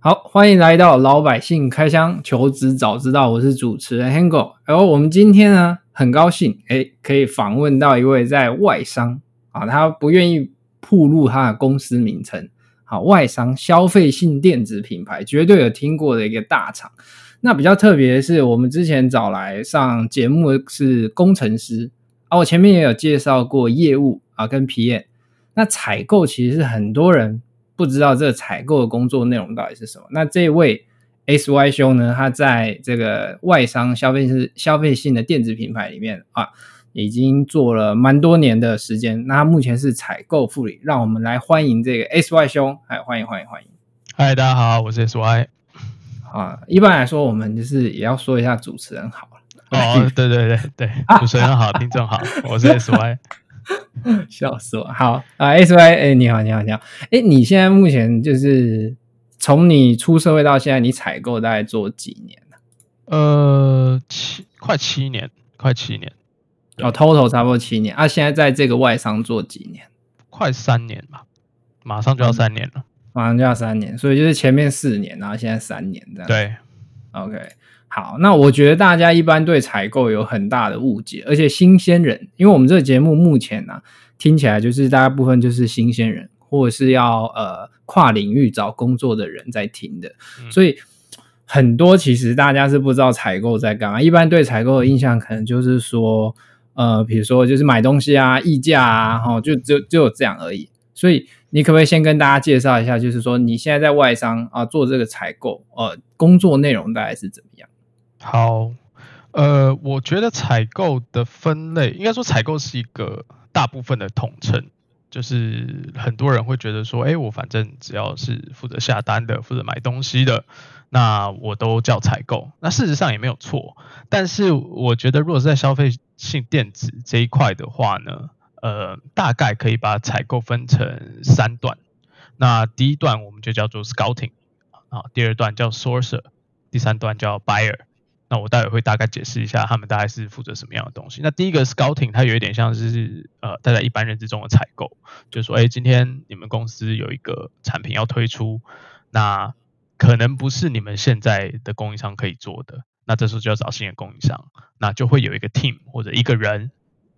好，歡迎來到老百姓開箱求職早知道，我是主持人 Heng 哥。然後、呃、我們今天呢，很高興哎，可以訪問到一位在外商啊，他不願意曝露他的公司名稱。好，外商消費性電子品牌絕對有聽過的一個大廠。那比較特別的是，我們之前找來上節目的是工程師啊，我前面也有介紹過業務啊跟 PM。那採購其實是很多人，不知道這個採購的工作內容到底是什麼？那這位 S Y 兄呢，他在這個外商消費是消費性的電子品牌裡面啊，已經做了蠻多年的時間。那他目前是採購副理，讓我們來歡迎這個 S Y 兄。哎，歡迎歡迎歡迎！嗨，Hi, 大家好，我是 S Y。 啊，一般來說，我們就是也要說一下主持人好。哦，oh, 對對對對，主持人好，啊、聽眾好，我是 S Y。 笑死我！好啊，S Y，哎，你好，你好，你好，哎，你現在目前就是從你出社會到現在，你採購大概做幾年了？呃，七，快七年，快七年。哦，total 差不多七年。啊，現在在這個外商做幾年？快三年吧，馬上就要三年了，馬上就要三年。所以就是前面四年，然後現在三年這樣。對，OK。好，那我覺得大家一般對採購有很大的誤解，而且新鮮人，因為我們這個節目目前呢、啊，聽起來就是大部分就是新鮮人或者是要呃跨領域找工作的人在聽的，嗯、所以很多其實大家是不知道採購在幹嘛。一般對採購的印象可能就是說，呃，比如說就是買東西啊，議價啊，哈，就就只有這樣而已。所以你可不可以先跟大家介紹一下，就是說你現在在外商啊、呃、做這個採購，呃，工作內容大概是怎麼樣？好，呃，我覺得採購的分類，應該說採購是一個大部分的統稱，就是很多人會覺得說，哎，我反正只要是負責下單的、負責買東西的，那我都叫採購。那事實上也沒有錯，但是我覺得如果是在消費性電子這一塊的話呢，呃，大概可以把採購分成三段。那第一段我們就叫做 Scouting 啊，第二段叫 Sourcer，第三段叫 Buyer。那我待會會大概解釋一下，他們大概是負責什麼樣的東西。那第一個 scouting，它有一點像是呃大家一般認知中的採購，就說誒、欸，今天你們公司有一個產品要推出，那可能不是你們現在的供應商可以做的，那這時候就要找新的供應商，那就會有一個 team 或者一個人，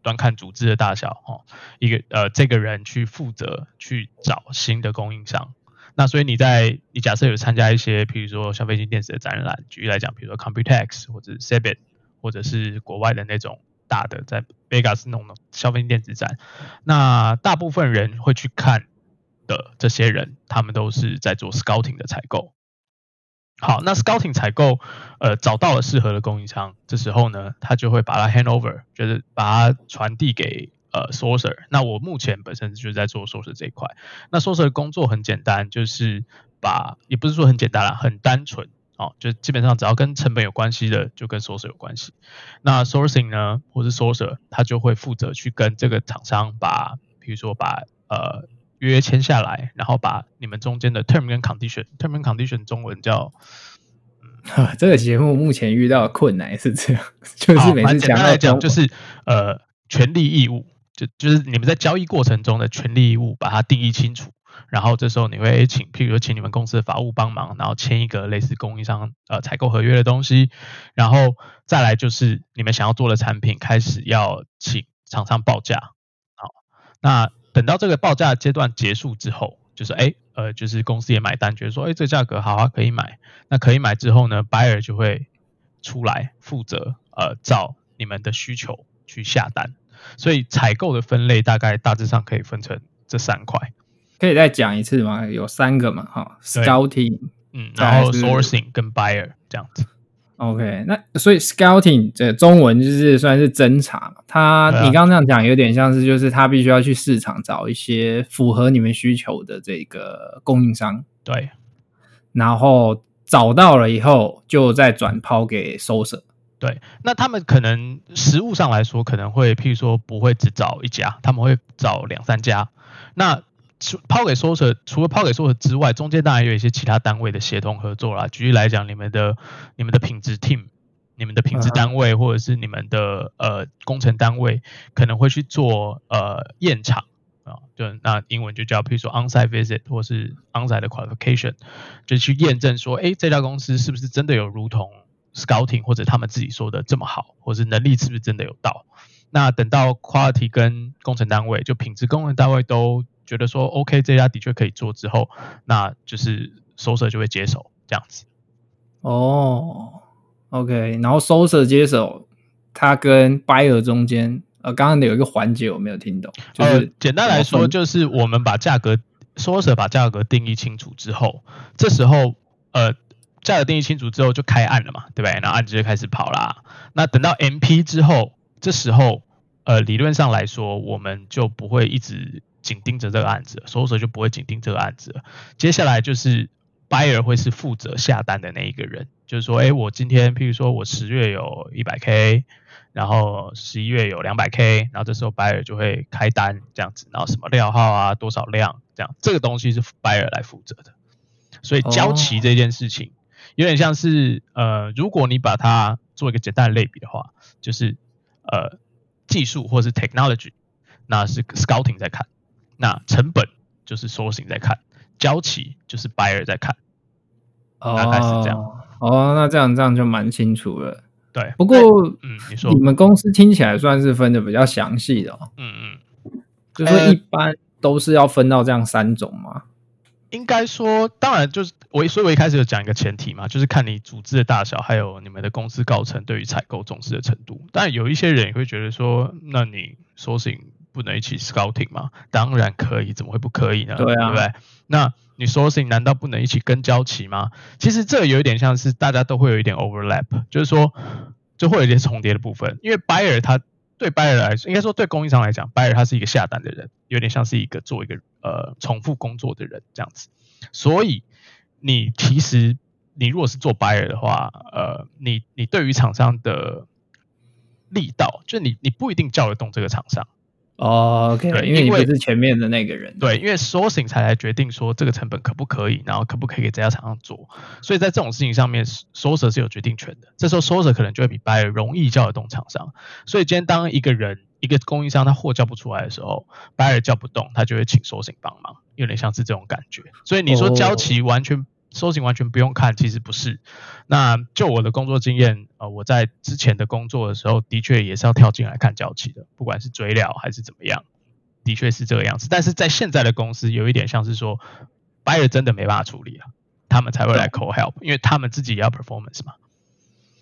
端看組織的大小哦，一個呃這個人去負責去找新的供應商。那所以你在你假設有參加一些，譬如說消費性電子的展覽，舉例來講，比如說 Computex 或者 CeBIT 或者是國外的那種大的在 Vegas 弄的消費性電子展，那大部分人會去看的這些人，他們都是在做 Scouting 的採購。好，那 Scouting 採購，呃，找到了適合的供應商，這時候呢，他就會把它 hand over，就是把它傳遞給。S 呃 Sourcer 那我目前本身就是在做 Sourcer 這一塊。那 Sourcer 工作很簡單，就是把也不是說很簡單啦，很單純哦，就基本上只要跟成本有關係的，就跟 Sourcer 有關係。那 Sourcing 呢，或是 Sourcer 他就會負責去跟這個廠商把，比如說把呃約簽下來，然後把你們中間的 term 跟 condition，term 跟 condition 中文叫、啊，這個節目目前遇到困難是這樣，就是每、啊、蠻簡單來講就是呃權利義務。就就是你們在交易過程中的權利義務，把它定義清楚。然後這時候你會請，譬如說請你們公司的法務幫忙，然後簽一個類似供應商呃採購合約的東西。然後再來就是你們想要做的產品，開始要請廠商報價。好，那等到這個報價階段結束之後，就是哎、欸、呃就是公司也買單，覺得說哎、欸、這價格好啊，可以買。那可以買之後呢，buyer 就會出來負責呃照你們的需求去下單。所以採購的分類大概大致上可以分成這三塊，可以再講一次嗎？有三個嘛，哈，scouting，嗯，然後 sourcing 跟 buyer 這樣子。OK，那所以 scouting 這中文就是算是偵查，他、啊、你剛剛這樣講有點像是就是他必須要去市場找一些符合你們需求的這個供應商，對，然後找到了以後就再轉拋給 sourcer 對，那他們可能實務上來說，可能會譬如說不會只找一家，他們會找兩三家。那除拋給 Sourcer，除了拋給 Sourcer 之外，中間當然有一些其他單位的協同合作啦。舉例來講，你們的你們的品質 team，你們的品質單位、嗯、或者是你們的呃工程單位，可能會去做呃驗廠啊、哦，就那英文就叫譬如說 onsite visit 或是 onsite qualification，就去驗證說，哎，這家公司是不是真的有如同。Scouting 或者他們自己說的這麼好，或者是能力是不是真的有到？那等到 quality 跟工程單位就品質工程單位都覺得說 OK 這家的確可以做之後，那就是 Sourcer 就會接手這樣子。哦，OK，然後 Sourcer 接手，他跟 buyer 中間呃，剛剛有一個環節我沒有聽懂，就是、呃簡單來說，就是我們把價格 Sourcer 把價格定義清楚之後，這時候呃。價格定義清楚之後就開案了嘛，對不對？然後案子就開始跑啦、啊。那等到 MP 之後，這時候呃理論上來說，我們就不會一直緊盯着這個案子，Sourcer 就不會緊盯這個案子。接下來就是 buyer 會是負責下單的那一個人，就是說，誒、欸、我今天，譬如說，我十月有 100K，然後十一月有 200K，然後這時候 buyer 就會開單這樣子，然後什麼料號啊，多少量這樣，這個東西是 buyer 來負責的。所以交期這件事情。哦有點像是呃，如果你把它做一個簡單類比的話，就是呃，技術或是 technology，那是 scouting 在看，那成本就是 sourcing 在看，交期就是 buyer 在看，哦，大概是這樣。哦，那這樣這樣就蠻清楚了。對，不過嗯，你說你們公司聽起來算是分得比較詳細的哦。嗯嗯，呃，就是一般都是要分到這樣三種嗎？應該說，當然就是我，所以我一開始有講一個前提嘛，就是看你組織的大小，還有你們的公司高層對於採購重視的程度。但有一些人也會覺得說，那你 sourcing 不能一起 scouting 嗎？當然可以，怎麼會不可以呢？對啊，對不對？那你 sourcing 難道不能一起跟交期嗎？其實這有一點像是大家都會有一點 overlap，就是說就會有一點重疊的部分，因為 buyer 他。對 buyer 來說，應該說對供應商來講，buyer 他是一個下單的人，有點像是一個做一個呃重複工作的人這樣子。所以你其實你如果是做 buyer 的話，呃，你你對於廠商的力道，就你你不一定叫得動這個廠商。哦、oh，OK，對因為，因為你是前面的那個人，對，因為 sourcing 才來決定說這個成本可不可以，然後可不可以給這家廠商做，所以在這種事情上面，sourcing、mm hmm. 是有決定權的。這時候 sourcing 可能就會比 buyer 容易叫得動廠商，所以今天當一個人一個供應商他貨交不出來的時候、mm hmm.，buyer 叫不動，他就會請 sourcing 幫忙，有點像是這種感覺。所以你說交期完全。Oh. 收尋完全不用看，其實不是。那就我的工作經驗，呃，我在之前的工作的時候，的確也是要跳進來看交期的，不管是追料還是怎麼樣，的確是這個樣子。但是在現在的公司，有一點像是說，buyer 真的沒辦法處理了啊，他們才會來 call help，因為他們自己也要 performance 嘛。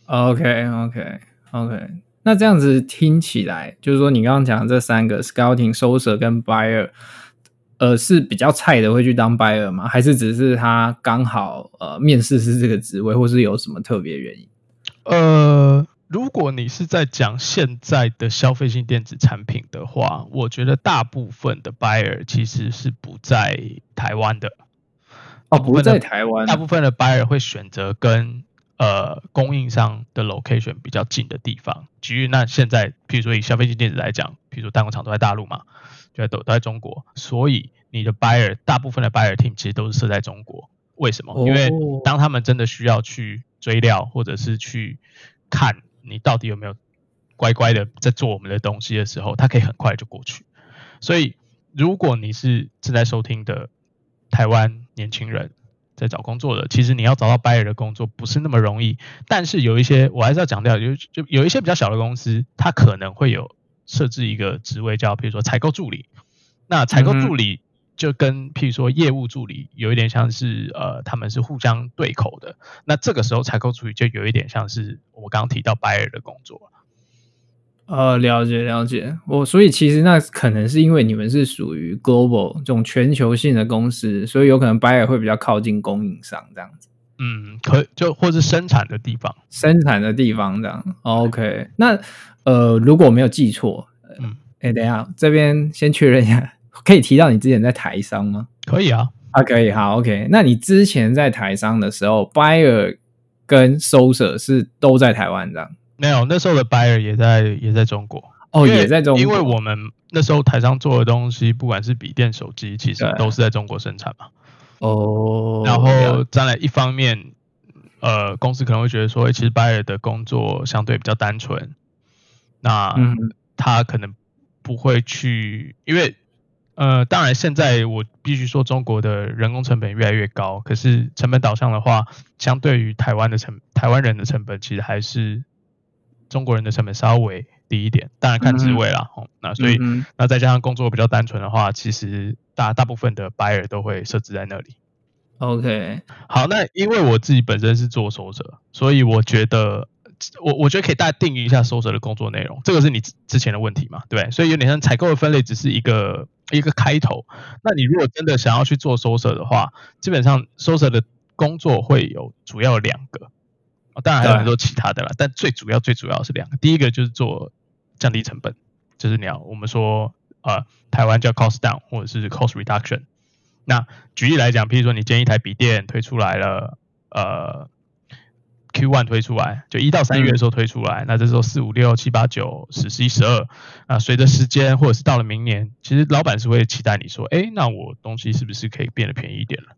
OK OK OK，那這樣子聽起來，就是說你剛剛講的這三個 scouting、搜尋跟 buyer。呃，是比較菜的會去當 buyer 嗎？還是只是他剛好呃面試是這個職位，或是有什麼特別原因？呃，如果你是在講現在的消費性電子產品的話，我覺得大部分的 buyer 其實是不在台灣的。哦，不在台灣。大部分的、的 buyer 會選擇跟呃供應商的 location 比較近的地方。至於那現在，譬如說以消費性電子來講。比如說代工廠都在大陸嘛，就在都都在中國，所以你的 buyer 大部分的 buyer team 其實都是設在中國。為什麼？因為當他們真的需要去追料，或者是去看你到底有沒有乖乖的在做我們的東西的時候，他可以很快就過去。所以，如果你是正在收聽的台灣年輕人在找工作的，其實你要找到 buyer 的工作不是那麼容易。但是有一些，我還是要強調，就就有一些比較小的公司，它可能會有。設置一個職位叫，譬如說採購助理。那採購助理就跟譬如說業務助理有一點像是呃，他們是互相對口的。那這個時候採購助理就有一點像是我剛剛提到 buyer 的工作啊。呃，了解了解。我所以其實那可能是因為你們是屬於 global 這種全球性的公司，所以有可能 buyer 會比較靠近供應商這樣子。嗯，可就或是生產的地方，生產的地方這樣。OK，是那。呃，如果我沒有記錯，呃、嗯，哎、欸，等一下這邊先確認一下，可以提到你之前在台商嗎？可以啊，啊，可以，好，OK。那你之前在台商的時候，buyer 跟 Sourcer 是都在台灣，這樣？沒有，那時候的 buyer 也在，也在中國哦，因為，也在中國。因為我們那時候台商做的東西，不管是筆電、手機，其實都是在中國生產嘛。哦、啊，然後，再來一方面，呃，公司可能會覺得說，其實 buyer 的工作相對比較單純。那他可能不會去，因為呃，當然現在我必須說，中國的人工成本越來越高。可是成本導向的話，相對於台灣的成台灣人的成本，其實還是中國人的成本稍微低一點。當然看職位啦。那所以，那再加上工作比較單純的話，其實大大部分的 buyer 都會設置在那裡。OK，好，那因為我自己本身是做 Sourcer，所以我覺得。我我覺得可以大家定義一下 Sourcer 的工作內容，這個是你之之前的問題嘛，對，所以有點像採購的分類只是一個一個開頭。那你如果真的想要去做 Sourcer 的話，基本上 Sourcer 的工作會有主要兩個，當然還有很多其他的啦，但最主要最主要是兩個，第一個就是做降低成本，就是你要我們說呃台灣叫 cost down 或者是 cost reduction。那舉例來講，譬如說你建議一台筆電推出來了，呃。1 Q One 推出來，就一到三月的時候推出來，那這時候四五六七八九十十一十二啊，隨着時間或者是到了明年，其實老闆是會期待你說，哎、欸，那我東西是不是可以變得便宜一點了？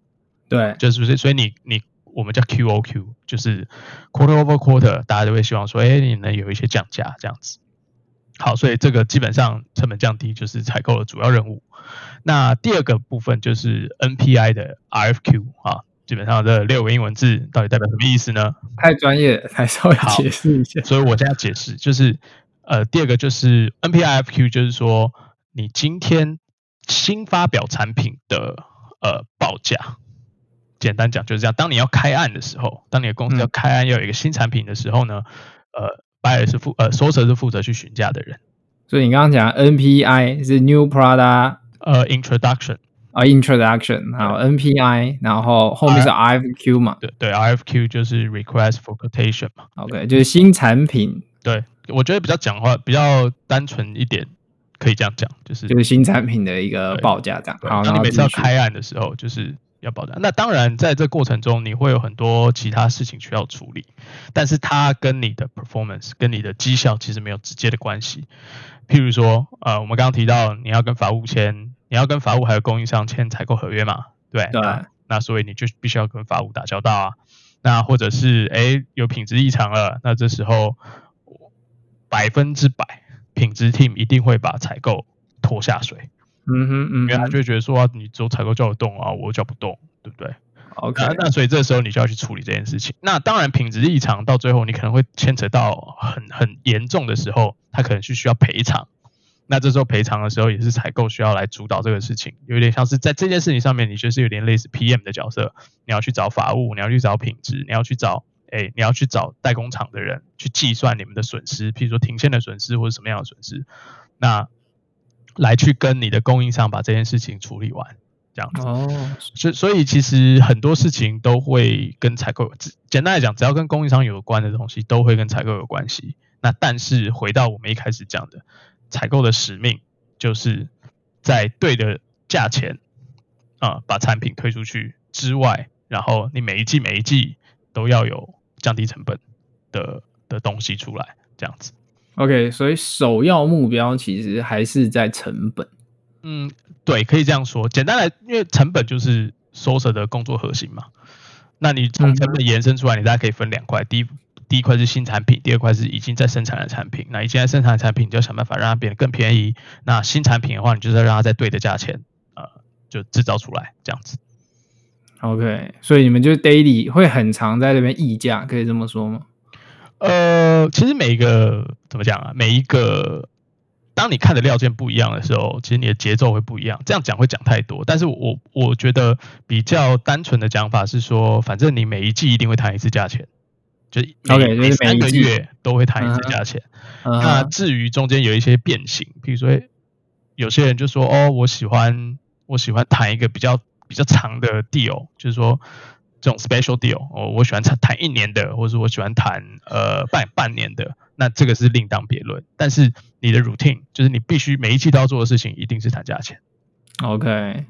對，就是不是？所以你你我們叫 Q O Q，就是 Quarter Over Quarter，大家都會希望說，哎、欸，你能有一些降價這樣子。好，所以這個基本上成本降低就是採購的主要任務。那第二個部分就是 N P I 的 R F Q 啊。基本上這六個英文字到底代表什麼意思呢？太專業了，還是要解釋一下。所以我現在解釋，就是呃，第二個就是 NPIFQ，就是說你今天新發表產品的呃報價，簡單講就是這樣。當你要開案的時候，當你的公司要開案要有一個新產品的時候呢，嗯、呃，buyer、呃、是負呃，source 是負責去詢價的人。所以你剛剛講 NPI 是 new product uh introduction。呃 Introdu 啊，introduction，然後 NPI，然後後面是 RFQ 嘛？對對，RFQ 就是 request for quotation 嘛對。OK，對就是新產品。對，我覺得比較講話比較單純一點，可以這樣講，就是就是新產品的一個報價這樣。那對你每次要開案的時候，就是要報價。那當然，在這過程中，你會有很多其他事情需要處理，但是它跟你的 performance 跟你的績效其實沒有直接的關係。譬如說，呃，我們剛剛提到你要跟法務簽。你要跟法務還有供應商簽採購合約嘛？對，對、啊、那所以你就必須要跟法務打交道啊。那或者是哎、欸、有品質異常了，那這時候百分之百品質 team 一定會把採購拖下水。嗯哼，嗯，原來就會覺得說、啊、你做採購叫得動啊，我叫不動，對不對？OK，那所以這時候你就要去處理這件事情。那當然品質異常到最後你可能會牽扯到很很嚴重的時候，他可能是需要賠償。那這時候賠償的時候也是採購需要來主導這個事情，有點像是在這件事情上面，你就是有點類似 PM 的角色，你要去找法務，你要去找品質，你要去找，哎、欸，你要去找代工廠的人去計算你們的損失，譬如說停線的損失或者什麼樣的損失，那來去跟你的供應商把這件事情處理完，這樣子。哦、oh。所以所以其實很多事情都會跟採購，簡單來講，只要跟供應商有關的東西都會跟採購有關係。那但是回到我們一開始講的。採購的使命就是在對的價錢啊、嗯、把產品推出去之外，然後你每一季每一季都要有降低成本的的東西出來，這樣子。OK，所以首要目標其實還是在成本。嗯，對，可以這樣說。簡單來，因為成本就是 Sourcing 的工作核心嘛。那你從成本延伸出來，你大概可以分兩塊。嗯、第一第一塊是新產品，第二塊是已經在生產的產品。那已經在生產的產品，你就想辦法讓它變得更便宜。那新產品的話，你就是要讓它在對的價錢啊，呃，就制造出來這樣子。OK，所以你們就 daily 會很常在那邊議價，可以這麼說嗎？呃，其實每一個怎麼講啊，每一個當你看的料件不一樣的時候，其實你的節奏會不一樣。這樣講會講太多，但是我我覺得比較單純的講法是說，反正你每一季一定會談一次價錢。就每，okay, 就是每一季，三個月都會談一次價錢。Uh huh. uh huh. 那至於中間有一些變形，比如說有些人就說：“哦，我喜歡我喜歡談一個比較比較長的 deal，就是說這種 special deal，哦，我喜歡談談一年的，或者我喜歡談呃半半年的。”那這個是另當別論。但是你的 routine 就是你必須每一季都要做的事情，一定是談價錢。OK。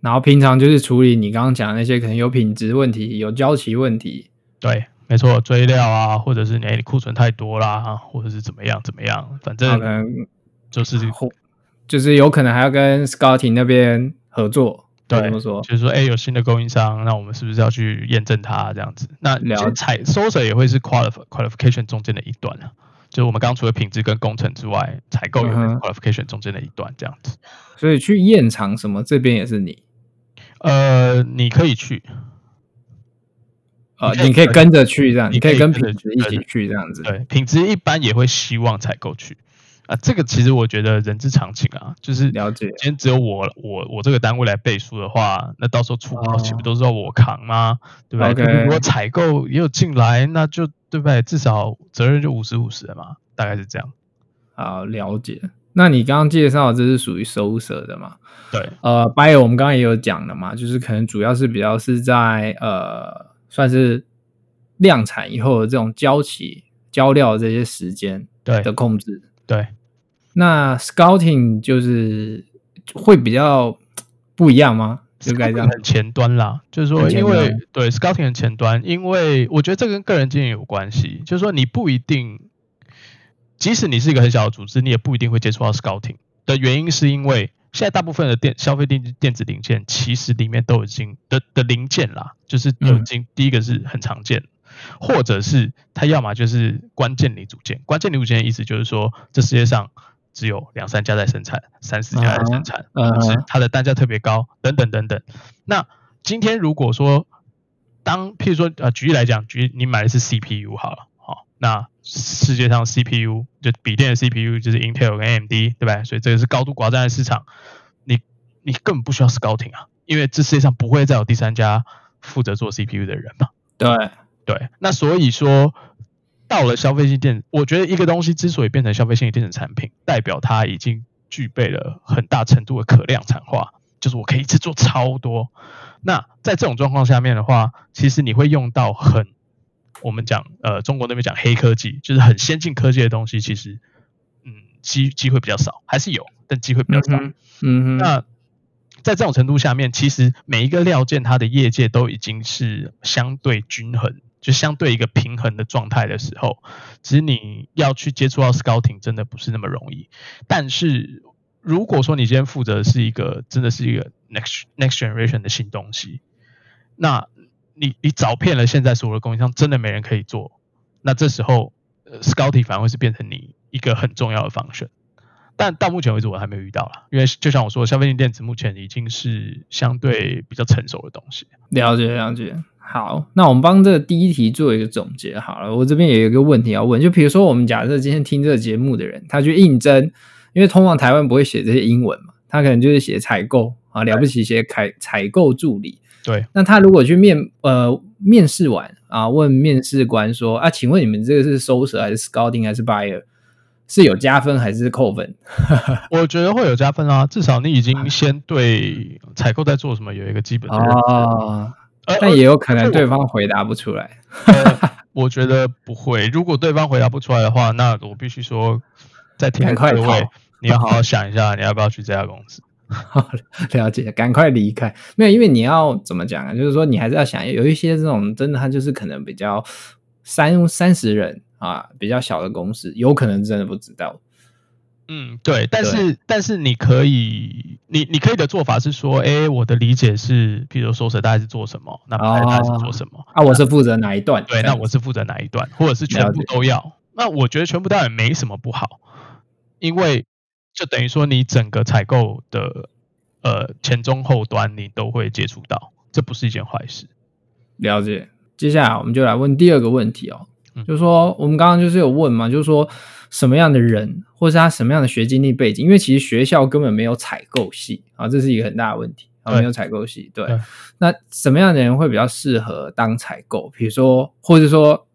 然後平常就是處理你剛剛講的那些可能有品質問題、有交期問題。對。沒錯，追料啊，或者是你，你庫存太多啦，或者是怎麼樣怎麼樣，反正就是就是有可能還要跟 Scouting 那邊合作，對，怎麼說？就是說，哎、欸，有新的供應商，那我們是不是要去驗證他這樣子？那採 sourcer 也會是 qualification 中間的一段啊，就是我們剛除了品質跟工程之外，採購有 qualification 中間的一段這樣子。嗯、所以去驗廠什麼，這邊也是你，呃，你可以去。啊，你可以跟着去這樣，你可，你可以跟品質一起去這樣子。對，對，對，對，品質一般也會希望採購去啊。這個其實我覺得人之常情啊，就是了解。今天只有我，嗯、我，我這個單位來背書的話，那到時候出問題不都是要我扛嗎？對不對？如果採購也有進來，那就對不對？至少責任就五十五十的嘛，大概是這樣。好、嗯，了解。那你剛剛介紹這是屬於 Sourcer 的嗎？對，呃，buyer 我們剛剛也有講的嘛，就是可能主要是比較是在呃。算是量產以後的這種交期、交料這些時間對的控制，對。那 scouting 就是會比較不一樣嗎？就該這樣，很前端啦，就是說因為對，對 scouting 很前端，因為我覺得這跟個人經驗有關係，就是說你不一定，即使你是一個很小的組織，你也不一定會接觸到 scouting 的原因，是因為。現在大部分的電消費電電子零件，其實裡面都已經的的零件啦，就是已經第一個是很常見，或者是它要麼就是關鍵零組件。關鍵零組件的意思就是說，這世界上只有兩三家在生產，三四家在生產，就是它的單價特別高，等等等等。那今天如果說當，譬如說呃，舉例來講，舉你買的是 CPU 好了。那世界上 CPU 就筆電的 CPU 就是 Intel 跟 AMD，對吧？所以這個是高度寡占的市場，你你根本不需要是高 g 啊，因為這世界上不會再有第三家負責做 CPU 的人嘛。對對，那所以說到了消費性電子，我覺得一個東西之所以變成消費性電子產品，代表它已經具備了很大程度的可量產化，就是我可以制作超多。那在這種狀況下面的話，其實你會用到很。我們講呃、中國那邊講黑科技，就是很先進科技的東西，其實嗯機機會比較少，還是有，但機會比較少。嗯哼，嗯哼，那在這種程度下面，其實每一個料件它的業界都已經是相對均衡，就相對一個平衡的狀態的時候，其實你要去接觸到 Scouting 真的不是那麼容易。但是如果說你今天負責的是一個真的是一個 Next Next Generation 的新東西，那你你找遍了現在所有的供應商，真的沒人可以做。那這時候，呃，Scouting 反而會是變成你一個很重要的方式。但到目前為止，我還沒有遇到啦。因為就像我說，消費電子目前已經是相對比較成熟的東西。了解了解。好，那我們幫這個第一題做一個總結好了。我這邊也有一個問題要問，就比如說我們假設今天聽這節目的人，他去應徵，因為通常台灣不會寫這些英文嘛，他可能就是寫採購啊，了不起寫採採購助理。對，那他如果去面呃面試完啊，問面試官說啊，請問你們這個是收 o 還是 scouting 還是 buyer 是有加分還是扣分？ 我覺得會有加分啊，至少你已經先對採購在做什麼有一個基本的認知。哦呃、但也有可能對方回答不出來、 呃。我覺得不會，如果對方回答不出來的話，那我必須說在天快黑，你要好好想一下， 你要不要去這家公司。好， 了解，趕快離開。沒有，因為你要怎麼講啊？就是說，你還是要想，有一些這種真的，他就是可能比較三三十人啊，比較小的公司，有可能真的不知道。嗯，對。但是，對但是你可以，你你可以的做法是說，哎、欸，我的理解是，比如說說，大概是做什麼？哦、那他是做什麼？啊，我是負責哪一段？對，那我是負責哪一段？或者是全部都要？解那我覺得全部都要也沒什麼不好，因為。就等於說，你整個採購的，呃，前中後端你都會接觸到，這不是一件壞事。了解，接下來我們就來問第二個問題哦、喔，嗯、就是說，我們剛剛就是有問嘛，就是說什麼樣的人，或是他什麼樣的學經歷背景？因為其實學校根本沒有採購系啊，這是一個很大的問題。啊、對沒有採購系，對。對，那什麼樣的人會比較適合當採購？比如說，或者說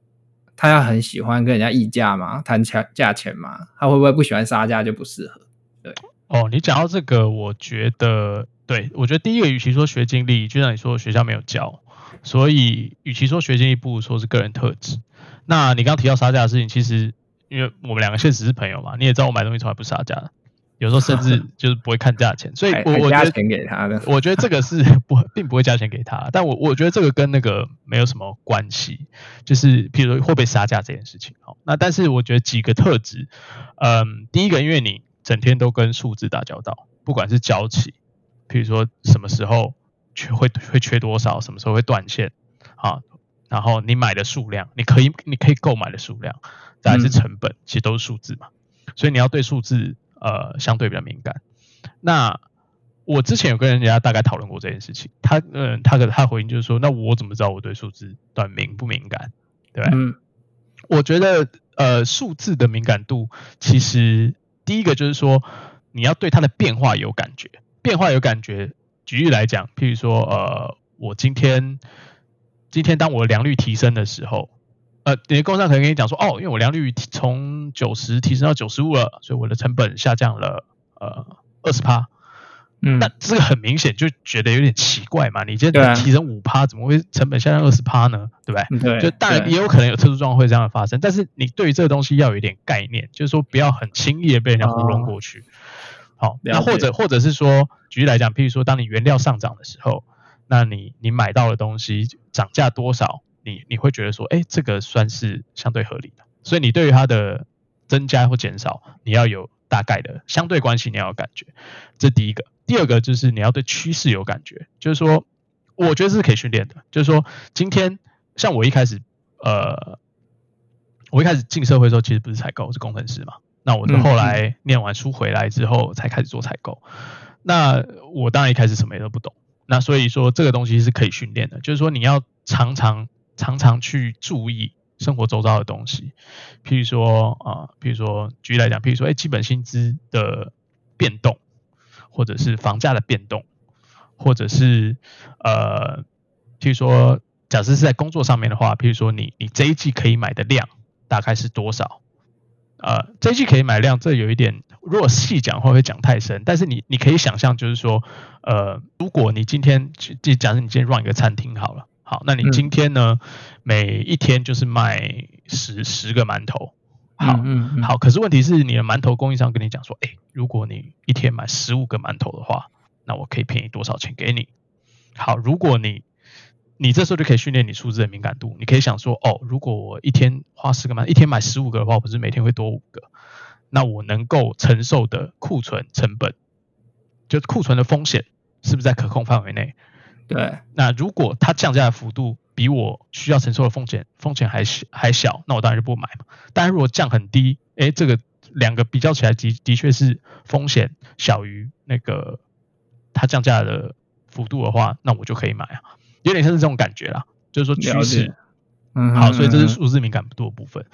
他要很喜歡跟人家議價嘛，談價價錢嘛，他會不會不喜歡殺價就不適合？對哦，你講到這個，我覺得對，我覺得第一個，與其說學經歷，就像你說學校沒有教，所以與其說學經歷，不如說是個人特質。那你剛剛提到殺價的事情，其實因為我們兩個確實是朋友嘛，你也知道我買東西從來不殺價的，有時候甚至就是不會看價錢， 所以我我加錢給他的。我覺得這個是不，並不會加錢給他。 但我我覺得這個跟那個沒有什麼關係，就是譬如說會不會殺價這件事情。那但是我覺得幾個特質，嗯，第一個因為你。整天都跟數字打交道，不管是交期，比如說什麼時候缺會會缺多少，什麼時候會斷線啊，然後你買的數量，你可以你可以購買的數量，還是成本，其實都是數字嘛，所以你要對數字呃相對比較敏感。那我之前有跟人家大概討論過這件事情，他嗯他的他回應就是說，那我怎麼知道我對數字敏不敏感？對不對？嗯，我覺得呃數字的敏感度其實。第一個就是說，你要對它的變化有感覺，變化有感覺。舉例來講，譬如說，呃，我今天今天當我的良率提升的時候，呃，你的供應商可能跟你講說，哦，因為我良率從九十提升到九十五了，所以我的成本下降了，呃，二十趴。嗯，那這個很明顯就覺得有點奇怪嘛，你今天提成五趴，啊、怎麼會成本下降二十趴呢？對不、嗯、對？對，就當然也有可能有特殊狀況會這樣的發生，但是你對於這個東西要有一點概念，就是說不要很輕易的被人家糊弄過去。哦、好，了解、那或者或者是說，舉例來講，譬如說當你原料上漲的時候，那你你買到的東西漲價多少，你你會覺得說，哎、欸，這個算是相對合理的，所以你對於它的增加或減少，你要有。大概的相對關係你要有感覺，這第一個。第二個就是你要對趨勢有感覺，就是說，我覺得是可以訓練的。就是說，今天像我一開始，呃，我一開始進社會的時候其實不是採購，是工程師嘛。那我是後來念完書回來之後才開始做採購。嗯、那我當然一開始什麼也都不懂。那所以說這個東西是可以訓練的，就是說你要常常常常去注意。生活周遭的東西，譬如說啊、呃，譬如說，舉例來講，譬如說，哎、欸，基本薪資的變動，或者是房價的變動，或者是呃，譬如說，假設是在工作上面的話，譬如說你，你你這一季可以買的量大概是多少？呃，這一季可以買量，這有一點，如果細講會不會講太深，但是你你可以想象，就是說，呃，如果你今天，假設你今天 run 一個餐廳好了。好，那你今天呢？嗯、每一天就是賣十十個饅頭。好，嗯，嗯，嗯好，可是問題是你的饅頭供應商跟你講說，誒、欸，如果你一天買十五個饅頭的話，那我可以便宜多少錢給你？好，如果你你這時候就可以訓練你數字的敏感度，你可以想說，哦，如果我一天花十個饅，一天買十五個的話，我不是每天會多五個？那我能夠承受的庫存成本，就庫存的風險，是不是在可控範圍內？對，那如果它降價的幅度比我需要承受的風險風險還小還小，那我當然就不買嘛。但如果降很低，哎、欸，這個兩個比較起來的的確是風險小於那個它降價的幅度的話，那我就可以買啊，有點像是這種感覺啦，就是說趨勢。嗯，了解，好，嗯哼嗯哼，所以這是數字敏感度的部分。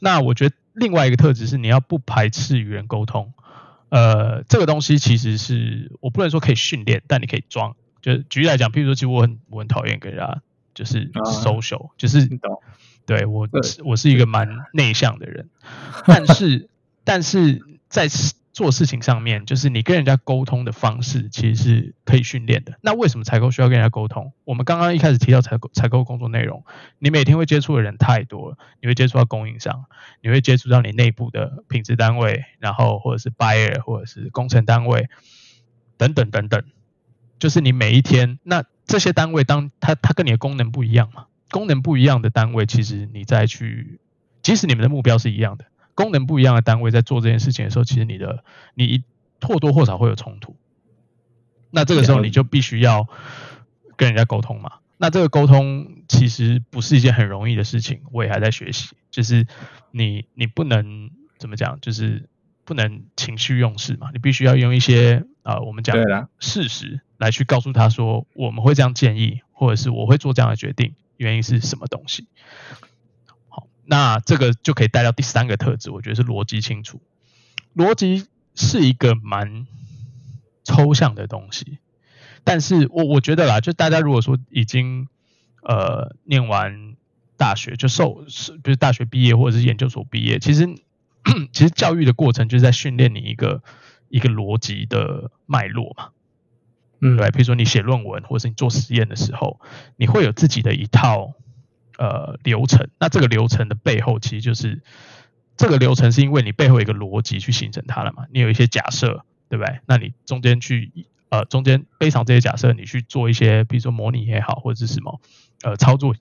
那我覺得另外一個特質是你要不排斥與人溝通，呃，這個東西其實是我不能說可以訓練，但你可以裝。就舉例來講，譬如說，其實我很我很討厭跟人家就是 social，、嗯、就是，懂對，我是我是一個蠻內向的人，但是 但是在做事情上面，就是你跟人家溝通的方式其實是可以訓練的。那為什麼採購需要跟人家溝通？我們剛剛一開始提到採購採購工作內容，你每天會接觸的人太多了，你會接觸到供應商，你會接觸到你內部的品質單位，然後或者是 buyer，或者是工程單位，等等等等。就是你每一天，那這些單位當，當它它跟你的功能不一樣嘛，功能不一樣的單位，其實你再去，即使你們的目標是一樣的，功能不一樣的單位在做這件事情的時候，其實你的你一或多或少會有衝突，那這個時候你就必須要跟人家溝通嘛。那這個溝通其實不是一件很容易的事情，我也還在學習。就是你你不能怎麼講，就是不能情緒用事嘛，你必須要用一些。啊、呃，我們講事實來去告訴他說，我們會這樣建議，或者是我會做這樣的決定，原因是什麼東西？好，那這個就可以帶到第三個特質，我覺得是邏輯清楚。邏輯是一個蠻抽象的東西，但是我我覺得啦，就大家如果說已經呃念完大學，就受是，不、就是大學畢業或者是研究所畢業，其實 其實教育的過程就是在訓練你一個。一個邏輯的脈絡嘛，嗯，對，比如說你寫論文或者是你做實驗的時候，你會有自己的一套呃流程。那這個流程的背後，其實就是這個流程是因為你背後一個邏輯去形成它了嘛？你有一些假設，對不對？那你中間去呃中間背上這些假設，你去做一些比如說模擬也好，或者是什麼呃操作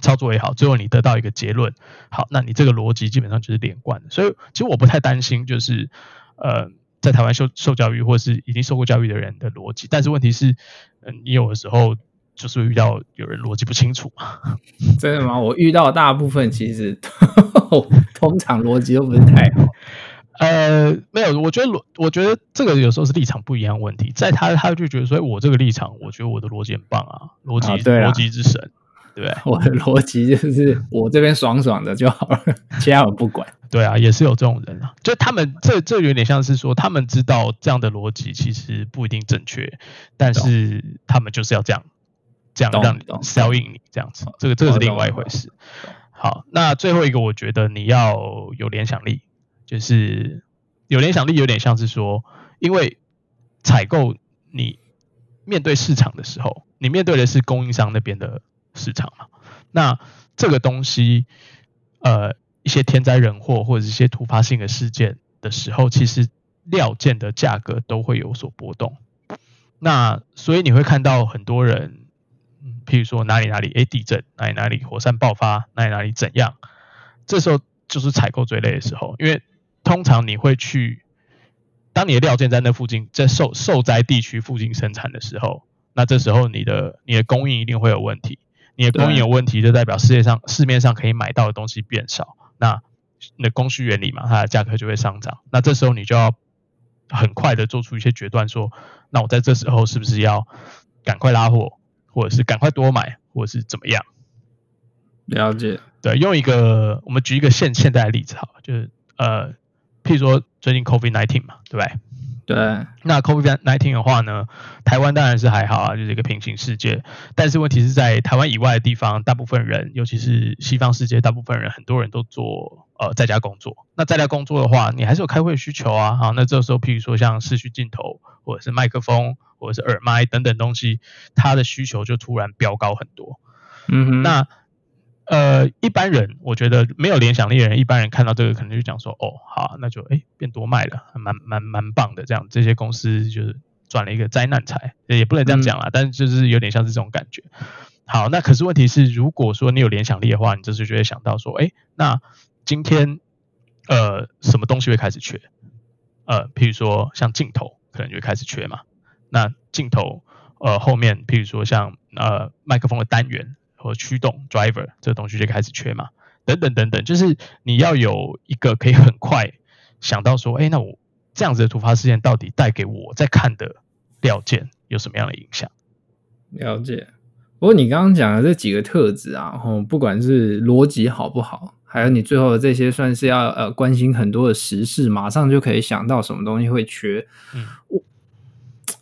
操作也好，最後你得到一個結論。好，那你這個邏輯基本上就是連貫的。所以其實我不太擔心，就是呃。在台灣受受教育，或是已經受過教育的人的邏輯，但是問題是，你有的時候就是遇到有人邏輯不清楚。真的嗎？我遇到大部分其實 通常邏輯都不是太好。 呃，沒有，我覺得邏，我覺得這個有時候是立場不一樣的問題。在他，他就覺得，說我這個立場，我覺得我的邏輯很棒啊，邏輯邏輯之神。對，對，我的邏輯就是我這邊爽爽的就好了，其他我不管。 對啊，也是有這種人啊，就他們這這有點像是說，他們知道這樣的邏輯其實不一定正確，但是他們就是要這樣，這樣讓你 sell in 你，這樣子，這個這是另外一回事。好，那最後一個，我覺得你要有聯想力，就是有聯想力，有點像是說，因為採購你面對市場的時候，你面對的是供應商那邊的。市場嘛，那這個東西，呃，一些天災人禍或者一些突發性的事件的時候，其實料件的價格都會有所波動。那所以你會看到很多人，譬如說哪裡哪裡誒，地震，哪裡哪裡火山爆發，哪裡哪裡怎樣，這時候就是採購最累的時候，因為通常你會去，當你的料件在那附近，在受受災地區附近生產的時候，那這時候你的你的供應一定會有問題。你的供應有問題，就代表世界上市面上可以買到的東西變少。那那供需原理嘛，它的價格就會上漲。那這時候你就要很快的做出一些決斷，說那我在這時候是不是要趕快拉貨，或者是趕快多買，或者是怎麼樣？了解。對，用一個我們舉一個現現代的例子，好了，就是呃，譬如說最近 COVID nineteen 嘛，對吧？對，那 COVID-19 的話呢，台灣當然是還好啊，就是一個平行世界。但是問題是在台灣以外的地方，大部分人，尤其是西方世界，大部分人，很多人都做呃在家工作。那在家工作的話，你還是有開會需求啊，好、啊，那這時候，譬如說像視訊鏡頭，或者是麥克風，或者是耳麥等等東西，它的需求就突然飆高很多。嗯哼，那。呃，一般人我覺得沒有聯想力的人，一般人看到這個可能就講說，哦，好，那就哎、欸、變多賣了，蠻蠻蠻棒的，這樣這些公司就是賺了一個災難財，也不能這樣講啦，嗯、但是就是有點像是這種感覺。好，那可是問題是，如果說你有聯想力的話，你這時候就會想到說，哎、欸，那今天呃什麼東西會開始缺？呃，譬如說像鏡頭，可能就會開始缺嘛。那鏡頭呃後面，譬如說像呃麥克風的單元。和驅動 driver 這個東西就開始缺嘛，等等等等，就是你要有一個可以很快想到說，哎、欸，那我這樣子的突發事件到底帶給我在看的料件有什麼樣的影響？了解。不過你剛剛講的這幾個特質啊，不管是邏輯好不好，還有你最後的這些算是要呃關心很多的時事，馬上就可以想到什麼東西會缺。嗯。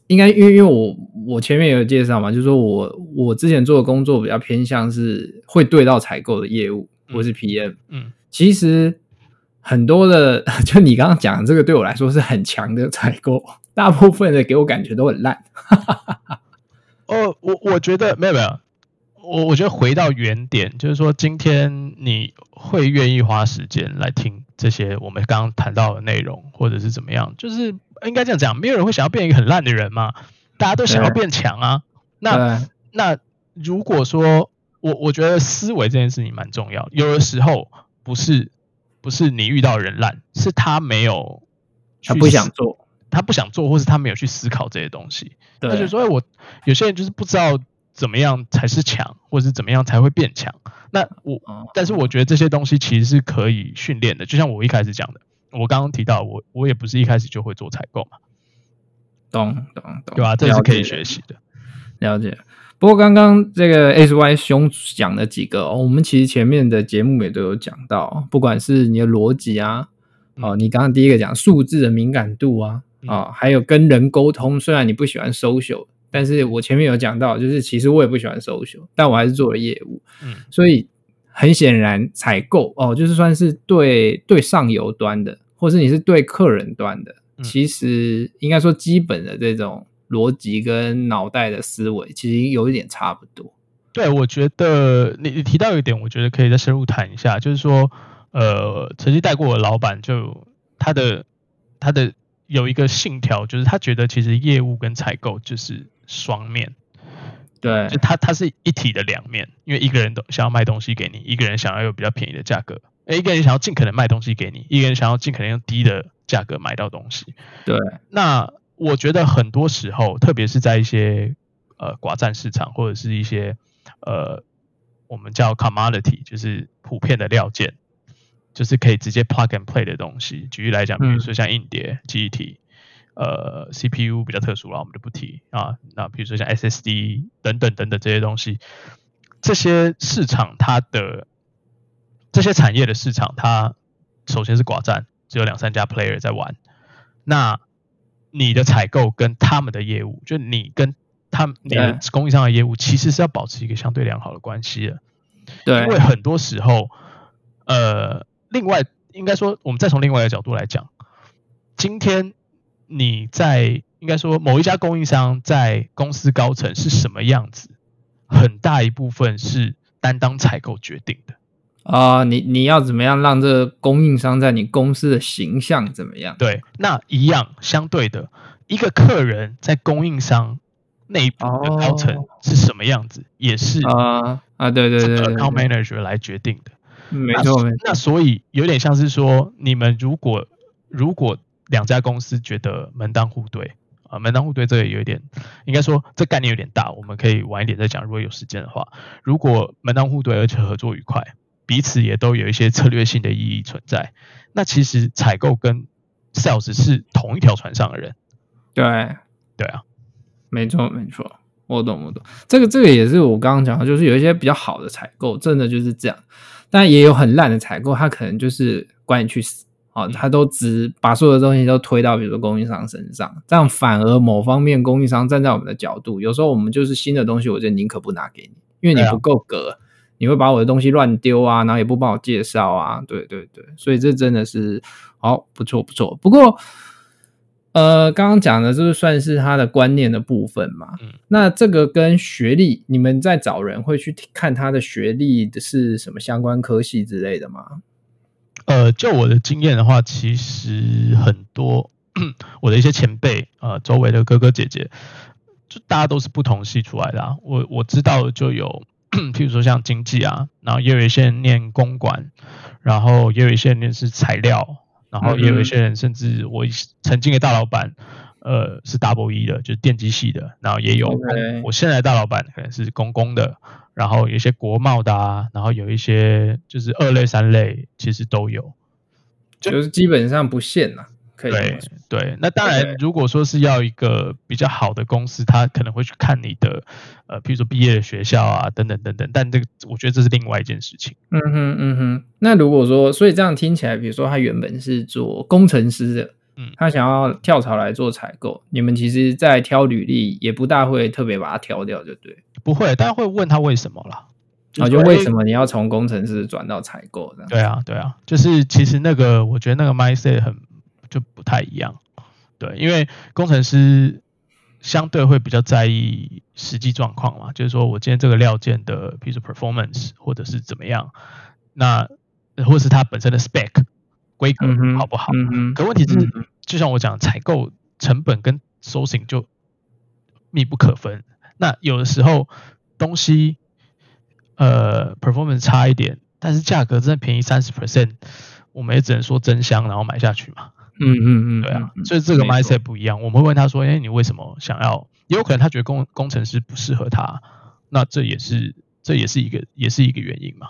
應該，因為因為我我前面也有介紹嘛，就是說我我之前做的工作比較偏向，是會對到採購的業務，我是 PM。嗯，嗯其實很多的，就你剛剛講的這個，對我來說是很強的採購，大部分的給我感覺都很爛。 哦，我我覺得沒有沒有，我我覺得回到原點，就是說今天你會願意花時間來聽這些我們剛剛談到的內容，或者是怎麼樣，就是。應該這樣講，沒有人會想要變一個很爛的人嘛，大家都想要變強啊。對 那對 那如果說我我覺得思維這件事情蠻重要，有的時候不是不是你遇到人爛，是他沒有去他不想做，他不想做，或是他沒有去思考這些東西。他對 就說，我有些人就是不知道怎麼樣才是強，或是怎麼樣才會變強。那我但是我覺得這些東西其實是可以訓練的，就像我一開始講的。我剛剛提到，我我也不是一開始就會做採購嘛，懂懂懂，對吧？這是可以學習的，了解，了了解了。不過剛剛這個 SY 兄講了幾個、哦，我們其實前面的節目也都有講到、哦，不管是你的邏輯啊，嗯、哦，你剛剛第一個講數字的敏感度啊，啊、嗯哦，還有跟人溝通。雖然你不喜歡 a l 但是我前面有講到，就是其實我也不喜歡 a l 但我還是做了業務，嗯，所以。很顯然，採購哦，就是算是對對上游端的，或是你是對客人端的，嗯、其實應該說基本的這種邏輯跟腦袋的思維，其實有一點差不多。對，我覺得你你提到一點，我覺得可以再深入談一下，就是說，呃，曾經帶過我的老闆就他的他的有一個信條，就是他覺得其實業務跟採購就是雙面。對，就它它是一體的兩面，因為一個人想想要賣東西給你，一個人想要有比較便宜的價格，哎，一個人想要盡可能賣東西給你，一個人想要盡可能用低的價格買到東西。對，那我覺得很多時候，特別是在一些呃寡占市場或者是一些呃我們叫 commodity，就是普遍的料件，就是可以直接 plug and play 的東西。舉例來講，嗯、比如說像硬碟、記憶體呃，CPU 比較特殊啦，我們就不提啊。那比如說像 SSD 等等等等，這些東西，這些市場，它的這些產業的市場，它首先是寡占，只有兩三家 player 在玩。那你的採購跟他們的業務，就你跟他們你的供應商的業務，其實是要保持一個相對良好的關係的。對，因為很多時候，呃，另外應該說，我們再從另外一個角度來講，今天。你在應該說某一家供應商在公司高層是什麼樣子，很大一部分是擔當採購決定的啊、呃。你你要怎麼樣讓這個供應商在你公司的形象怎麼樣？對，那一樣相對的一個客人在供應商內部的高層是什麼樣子，哦、也是、呃、啊啊對對對、對、對，Account Manager 來決定的。嗯、沒錯那沒錯錯。那所以有點像是說，你們如果如果。兩家公司覺得門當戶對啊、呃，門當戶對這個也有點，應該說這概念有點大，我們可以晚一點再講。如果有時間的話，如果門當戶對而且合作愉快，彼此也都有一些策略性的意義存在，那其實採購跟 sales 是同一條船上的人。對，對啊，沒錯沒錯，我懂我懂。這個這個也是我剛剛講的，就是有一些比較好的採購，真的就是這樣，但也有很爛的採購，他可能就是管你去死。哦、他都只把所有的東西都推到，比如說供應商身上，這樣反而某方面供應商站在我們的角度，有時候我們就是新的東西，我就寧可不拿給你，因為你不夠格，哦、你會把我的東西亂丟啊，然後也不幫我介紹啊，對對對，所以這真的是好、哦、不錯不錯。不過，呃，剛剛講的就是算是他的觀念的部分嘛。嗯、那這個跟學歷，你們在找人會去看他的學歷的是什麼相關科系之類的嗎？呃，就我的經驗的話，其實很多我的一些前輩呃周圍的哥哥姐姐，就大家都是不同系出來的、啊。我我知道就有，譬如說像經濟啊，然後也有一些人念公管，然後也有一些人念是材料，然後也有一些人甚至我曾經的大老闆。呃，是 double E 的，就是電機系的，然後也有。Okay. 我現在的大老闆可能是公公的，然後有一些國貿的啊，然後有一些就是二類、三類，其實都有，就，就是基本上不限了、啊、可以對。說對，那當然，如果說是要一個比較好的公司，Okay. 他可能會去看你的，呃，比如說畢業的學校啊，等等等等。但這個我覺得這是另外一件事情。嗯哼，嗯哼。那如果說，所以這樣聽起來，比如說他原本是做工程師的。嗯，他想要跳槽來做採購，你們其實在挑履歷，也不大會特別把它挑掉，就對。不會，大家會問他為什麼啦，啊就為什麼你要從工程師轉到採購，對啊，對啊，就是其實那個，我覺得那個 mindset 很就不太一樣。對，因為工程師相對會比較在意實際狀況嘛，就是說我今天這個料件的 piece of performance 或者是怎麼樣，那或者是它本身的 spec。規格好不好？嗯嗯、可問題是，嗯、哼就像我講，採購成本跟 sourcing 就密不可分。那有的時候東西呃 performance 差一點，但是價格真的便宜三十 percent，我們也只能說真香，然後買下去嘛。嗯嗯哼嗯，對啊。嗯、哼所以這個 mindset 錯不一樣，我們會問他說：“哎、欸，你為什麼想要？”也有可能他覺得工工程師不適合他，那這也是這也是一個也是一個原因嘛。